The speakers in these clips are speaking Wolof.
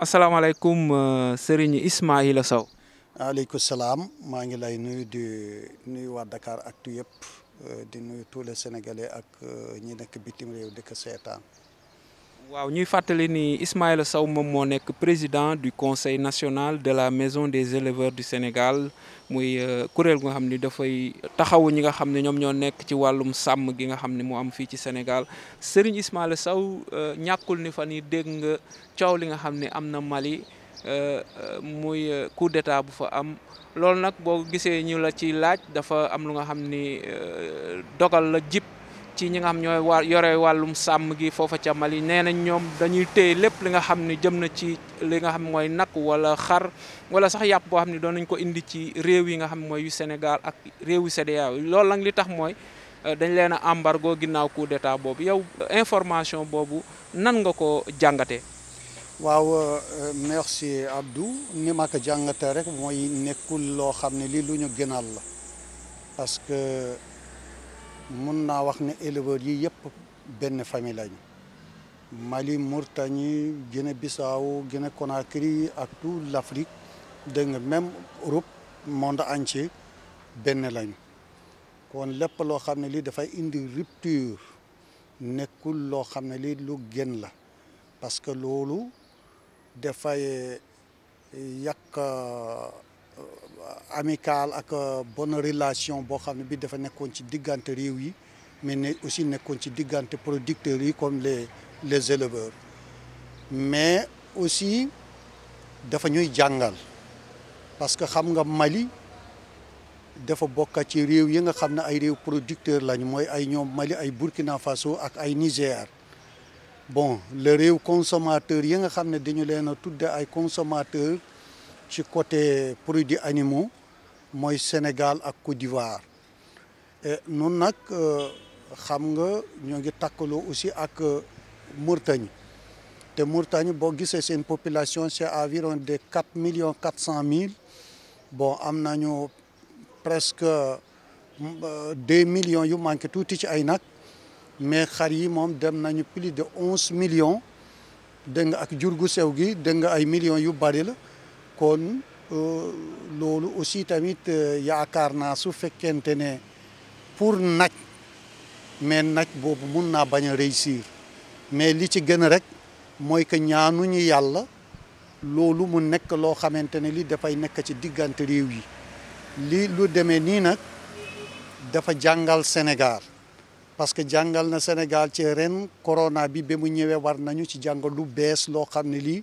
asalaamaaleykum euh, sëriñ Ismaïla Sow. waaleykum salaam maa ngi lay nuyu di nuyu waa Dakar Actu yëpp euh, di nuyu tuule les sénégalais ak euh, ñi nekk bitim réew di seetaan. waaw ñuy fàttali ni Ismaïla saw moom moo nekk président du conseil national de la maison des éleveurs du Sénégal muy euh, kuréel gu nga xam ni dafay taxawu ñi nga xam ne ñoom ñoo nekk ci wàllum sàmm gi nga xam ne moo am fii ci Sénégal Serigne Ismaïla Sow euh, ñàkkul ni fa yi dégg nga coow li nga xam ne am na Mali euh, muy coup d'état bu fa am loolu nag boo gisee ñu la ci laaj dafa am lu nga xam ni dogal la jip ci ñi nga xam ñoy wa yore wàllum sam gi fofu ca mali néna ñom dañuy téy lepp li nga xam ni jëm na ci li nga xam moy nak wala xar wala sax yap bo xam ni doon nañ ko indi ci réew yi nga xam moy yu sénégal ak réew yu CEDEAO loolu nag li tax moy euh, dañ leena embargo ginnaw coup d'état bobu yow information bobu nan nga ko jangaté waaw euh, merci abdou ni ma ko jangaté rek moy nekkul lo xam ne li luñu gënal la parce que mun naa wax ne éleveurs yi yëpp benn famille lañu Mali Mauritanie Guinée Bissau Guinée Conakry ak tout l' Afrique dégg nga même Europe monde entier benn lañu kon lépp loo xam ne lii dafay indi rupture nekkul loo xam ne lii lu gën la parce que loolu dafay yàq. Euh, Amical ak euh, bonne relation bo xam bi dafa ci yi mais aussi producteurs comme les les éleveurs mais aussi dafa ñuy jangal parce que xam nga Mali dafa bokk ci réew yi nga ay producteurs Mali Burkina Faso ak ay Niger bon le réew consommateur yi nga des consommateurs du côté produits animaux au sénégal et ak côte d'ivoire nous avons euh, xam nga ñu aussi ak euh, mauritanie té bo gissé c'est une population c'est environ de 4 millions 400 000 bon presque 2 euh, millions de manké mais nous avons mom plus de 11 millions de ak jurgu sew gi millions yu bari kon euh, loolu aussi tamit euh, yaakaar naa su fekkente ne pour nag mais nag boobu mun naa bañ a réussir mais li ci gën a rek mooy que ñaanuñu yàlla loolu mu nekk loo xamante ne li dafay nekk ci diggante réew yi li lu demee nii nag dafa jàngal Sénégal parce que jàngal na Sénégal ci ren corona bi ba mu ñëwee war nañu ci jàngal lu bees loo xam ne lii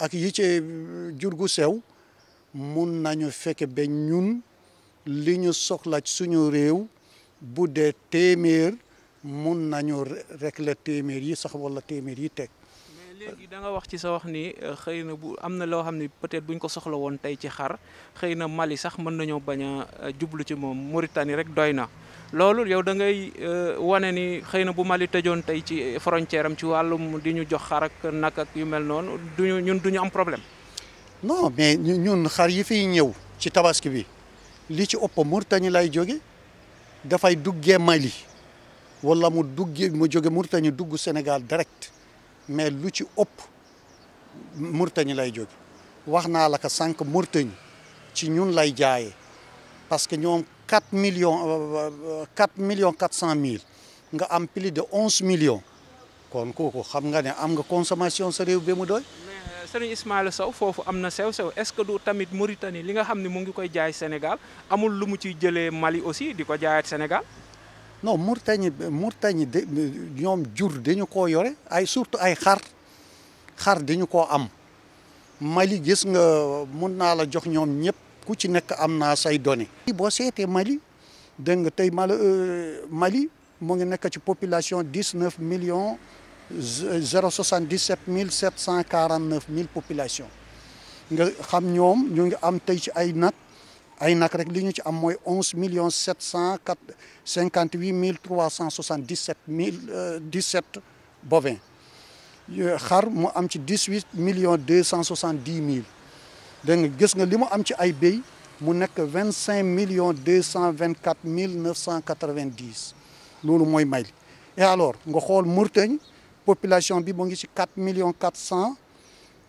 ak yi ci euh, jur gu sew mun nañu fekk ba ñun li ñu soxla ci suñu réew bu dee téeméer mun nañu régler téeméer yi sax wala téeméer yi teg. léegi da wax ci sa wax ni euh, xëy na bu am na loo xam ni peut-être buñ ko soxla woon tey ci xar xëy na Mali sax mën nañoo bañ a euh, jublu ci moom Mauritanie rek doy na. loolu yow da ngay euh, wane ni xëy na bu Mali tëjoon tey ci frontière ci wàllum di ñu jox xar ak nag ak yu mel noonu duñu ñun duñu am problème. non mais ñun xar yi fiy ñëw ci tabaski bi li ci ëpp Mauritanie lay jóge dafay duggee Mali wala mu duggee mu jóge Mauritanie dugg Sénégal direct mais lu ci ëpp Mauritanie lay jóge wax naa la ko sànq Mauritanie ci ñun lay jaayee parce ñoom 4 millions 4 euh, euh, millions 400 mille nga am plus de 11 millions kon kooku xam nga ne am nga consommation sa réew bi mu doy. mais euh, sëriñ Sow foofu am na sew-sew est-ce que du tamit Mauritanie li nga xam ne mu ngi koy jaay Sénégal amul lu mu ciy jëlee Mali aussi di ko jaayaat Sénégal. no Mauritanie Mauritanie de ñoom jur dañu ko yore ay surtout ay xar xar dañu koo am Mali gis nga mun naa la jox ñoom ñëpp. ku ci nekk am donné. Mali Mali euh, Mali mu ngi population 19 millions 077 749 000. population nga xam ñu ngi 11 758 377 17 bovins. xar mu am 18 millions 270 000. dégg nga gis nga li mu am ci ay béy mu nekk vingt cinq millions deux cent vingt quatre mille neuf cent quatre vingt dix loolu mooy may et alors nga xool Mourtagne population bi mu ngi ci quatre millions quatre cent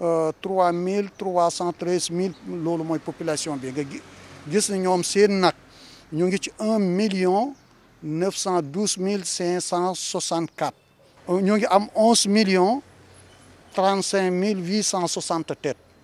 euh, trois mille trois cent treize mille loolu mooy population bi nga gis na ñoom seen nag ñu ngi ci un million neuf cent mille cinq cent soixante quatre euh, ñu ngi am onze millions trente cinq mille huit cent soixante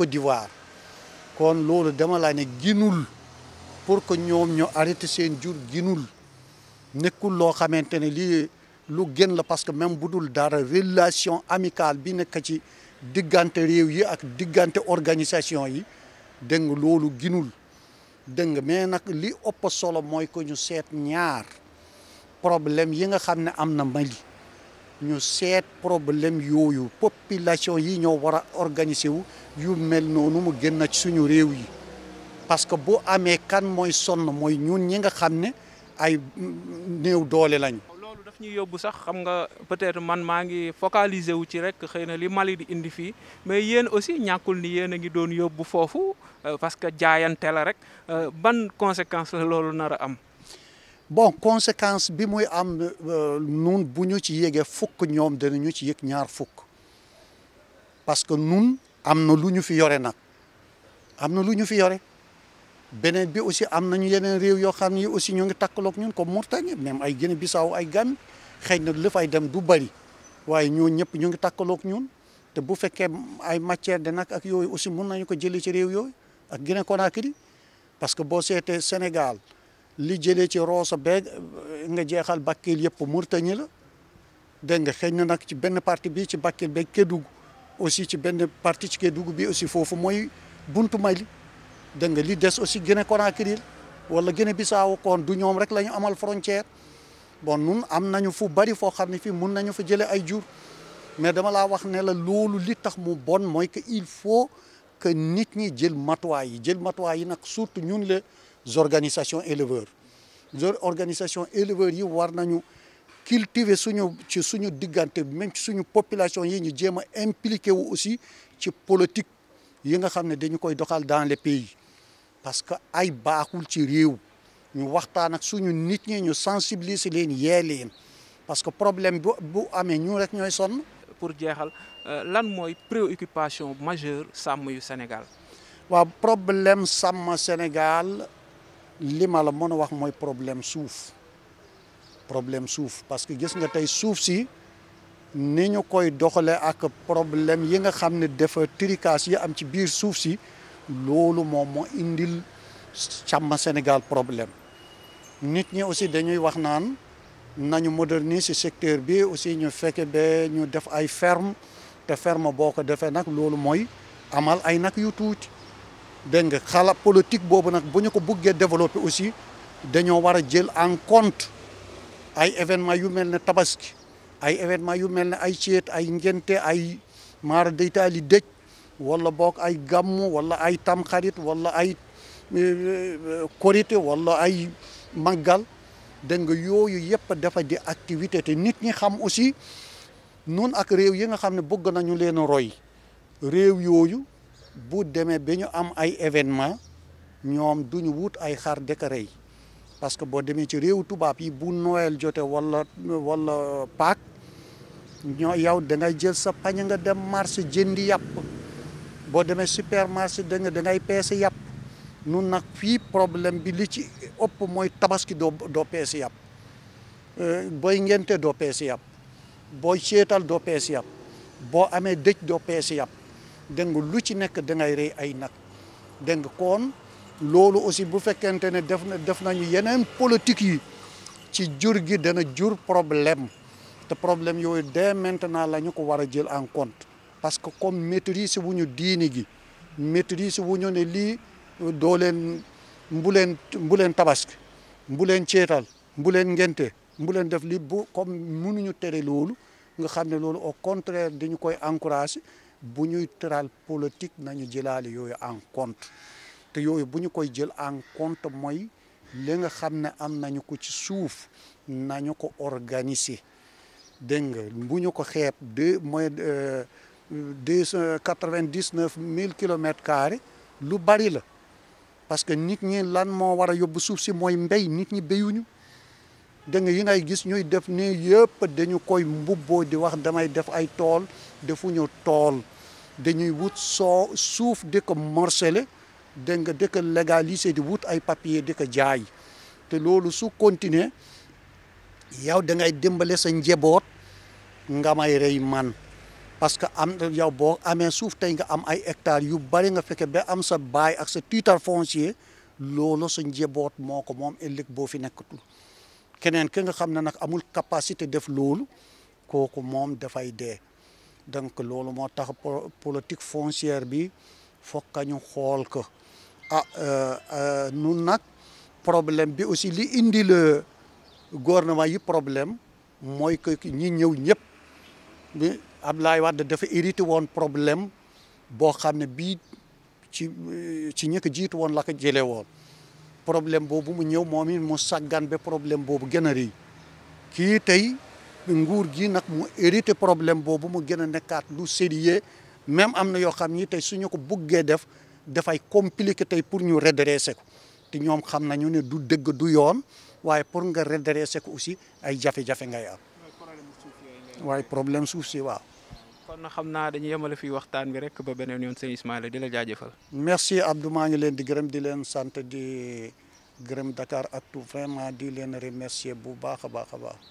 Côte d'Ivoire kon loolu dama ne ginul pour que ñoom ñoo arrêté seen jur ginul nekkul loo xamante ne lii lu gën la parce que même bu dul dara relation amicale bi nekk ci diggante réew yi ak diggante organisation yi dégg nga loolu ginul dégg nga mais nag li ëpp solo mooy que ñu seet ñaar problème yi nga xam ne am na Mali ñu seet problème yooyu population yi ñoo war a organiser wu yu mel noonu mu génn ci suñu réew yi parce que boo amee kan mooy sonn mooy ñun ñi nga xam ne ay néew doole lañu. loolu daf ñuy yóbbu sax xam nga peut-être man maa ngi focaliser wu ci rek xëy na li Mali di indi fii mais yéen aussi ñàkkul ni yéen a ngi doon yóbbu foofu euh, parce que jaayante la rek euh, ban conséquence la loolu nar a am. bon conséquence bi muy am euh, nun bu ñu ci yégee fukk ñoom ñu ci yëg ñaar fukk parce que nun am na lu ñu fi yore nag am na lu ñu fi yore beneen bi aussi am nañu yeneen réew yoo xam ne aussi ñoo ngi takkaloog ñun comme Mauritanie même ay Guinée Bissau ay Gambie xëy na li fay dem du bëri waaye ñoo ñëpp ñu ngi takkaloog ñun te bu fekkee ay matière de nag ak yooyu aussi mun nañu ko jëlee ci réew yooyu ak Guinée Conakry parce que boo seetee Sénégal li jëlee ci Rosso beeg nga jeexal Bakel yëpp Mauritanie la dégg nga xëy na nag ci benn partie bi ci Bakel beeg dugg aussi ci benn parti ci Kédougou bi aussi foofu mooy buntu Mali dégg nga li des aussi Guinée Conakry wala Guinée Bissau koon du ñoom rek lañu amal frontière bon nun am nañu fu bari foo xam ne fii mun nañu fa jëlee ay jur mais dama laa wax ne la loolu li tax mu bon mooy que il faut que nit ñi jël matuwaay yi jël matuwaay yi nag surtout ñun la organisations éleveurs organisations éleveurs yi war nañu cultiver suñu ci suñu même ci suñu population yi ñu jéem aussi ci politique yi nga xam ne koy doxal dans les pays parce que ay baaxul ci les ñu waxtaan ak suñu nit ñi ñu sensibiliser nous parce que problème bu que nous ñu Pour dire sonn. pour jeexal euh, lan préoccupation majeure du Sénégal. Le problème du Sénégal. li ma la mën a wax mooy problème suuf problème suuf parce que gis nga tey suuf si ni ñu koy doxalee ak problème yi nga xam ne defa tricas yi am ci biir suuf si loolu moom moo indil càmm Sénégal problème nit ñi aussi dañuy wax naan nañu si secteur bi aussi ñu fekk ba ñu def ay ferme te ferme boo ko defee nag loolu mooy amal ay nag yu tuuti dégg nga xalaat politique boobu nag bu ñu ko buggee développer aussi dañoo war a jël en compte ay événement yu mel ne tabaski ay événement yu mel ne ay ceet ay ngente ay maara daytaali dëj wala boog ay gàmmu wala ay tamxarit wala ay euh, euh, korité wala ay màggal dégg nga yooyu yëpp defa di activité te nit ñi xam aussi nun ak réew yi nga xam ne bëgg nañu leen a roy réew yooyu bu demee ba ñu am ay événement ñoom du ñu wut ay xar décoré yi parce que boo demee ci réew tubaab yi bu Noël jotee wala wala paak ñoo yow da ngay jël sa pañ nga dem marché jënd yàpp boo demee supermarché da da ngay peese yàpp nu nag fii problème bi li ci ëpp mooy tabaski doo doo peese yàpp euh, booy ngente doo peese yàpp booy seetal doo peese yàpp boo amee dëj doo peese yàpp deng lu ci nek da ngay reey ay nak deng kon lolu aussi bu fekente ne def na def nañu yenen politique yi ci jur gi dana jur problème te problème yoy dé maintenant lañu ko wara jël en compte parce que comme maîtrise wuñu diini gi maîtrise wuñu ne li do len mbulen mbulen mbu leen tabaski mbulen leen mbulen def li bu comme munuñu téré lolu nga xamné lolu au contraire diñ koy encourager bu ñuy tëral politique nañu jëlaale yooyu en compte te yooyu bu ñu koy jël en compte mooy li nga xam ne am nañu ko ci suuf nañu ko organiser dégg nga bu ñu ko xeeb deux mooy euh, deux cent quatre-vingt-dix-neuf mille kilomètres carrés lu bari la parce que nit ñi lan moo war a yóbbu suuf si mooy mbéy nit ñi béyuñu dégg yu ngay gis ñuy def nii yëpp dañu koy mbubboo di wax damay def ay tool defuñu tool dañuy wut soo suuf di ko morcelé dégg nga di ko légaliser di wut ay papier di ko jaay te loolu su continuer yow dangay ngay sa njaboot nga may rey man parce que am yow boo amee suuf tey nga am ay hectares yu bari nga fekk ba am sa baay ak sa titre foncier loolu sa njaboot moo ko moom ëllëg boo fi nekkatul keneen ki nga xam ne nag amul capacité def loolu kooku moom dafay dee donc loolu moo tax politique foncière bi fokk ñu xool ko ah euh, euh, nun nag problème bi aussi li indi le gouvernement yi problème mooy que ñi ñëw ñëpp bi Abdoulaye Wade dafa hérité woon problème boo xam ne bii ci ci ñi ko woon la jële woon problème boobu mu ñëw moom it mu sàggan ba problème boobu gën a rëy kii tey nguur gi nag mu hérité problème boobu mu gën a nekkaat lu sérieux même am na yoo xam ni tey suñu ko buggee def dafay compliqué tey pour ñu redresser ko te ñoom xam nañu ne du dëgg du yoon waaye pour nga redresser ko aussi ay jafe-jafe ngay am waaye problème suuf si waaw kon xam naa dañuy yemale fii waxtaan bi rek ba beneen yoon sëñ Ismaïla di la jaajëfal. merci Abdou maa ngi leen di gërëm di leen sant di gërëm Dakar ak tout vraiment di leen remercier bu baax a baax a baax.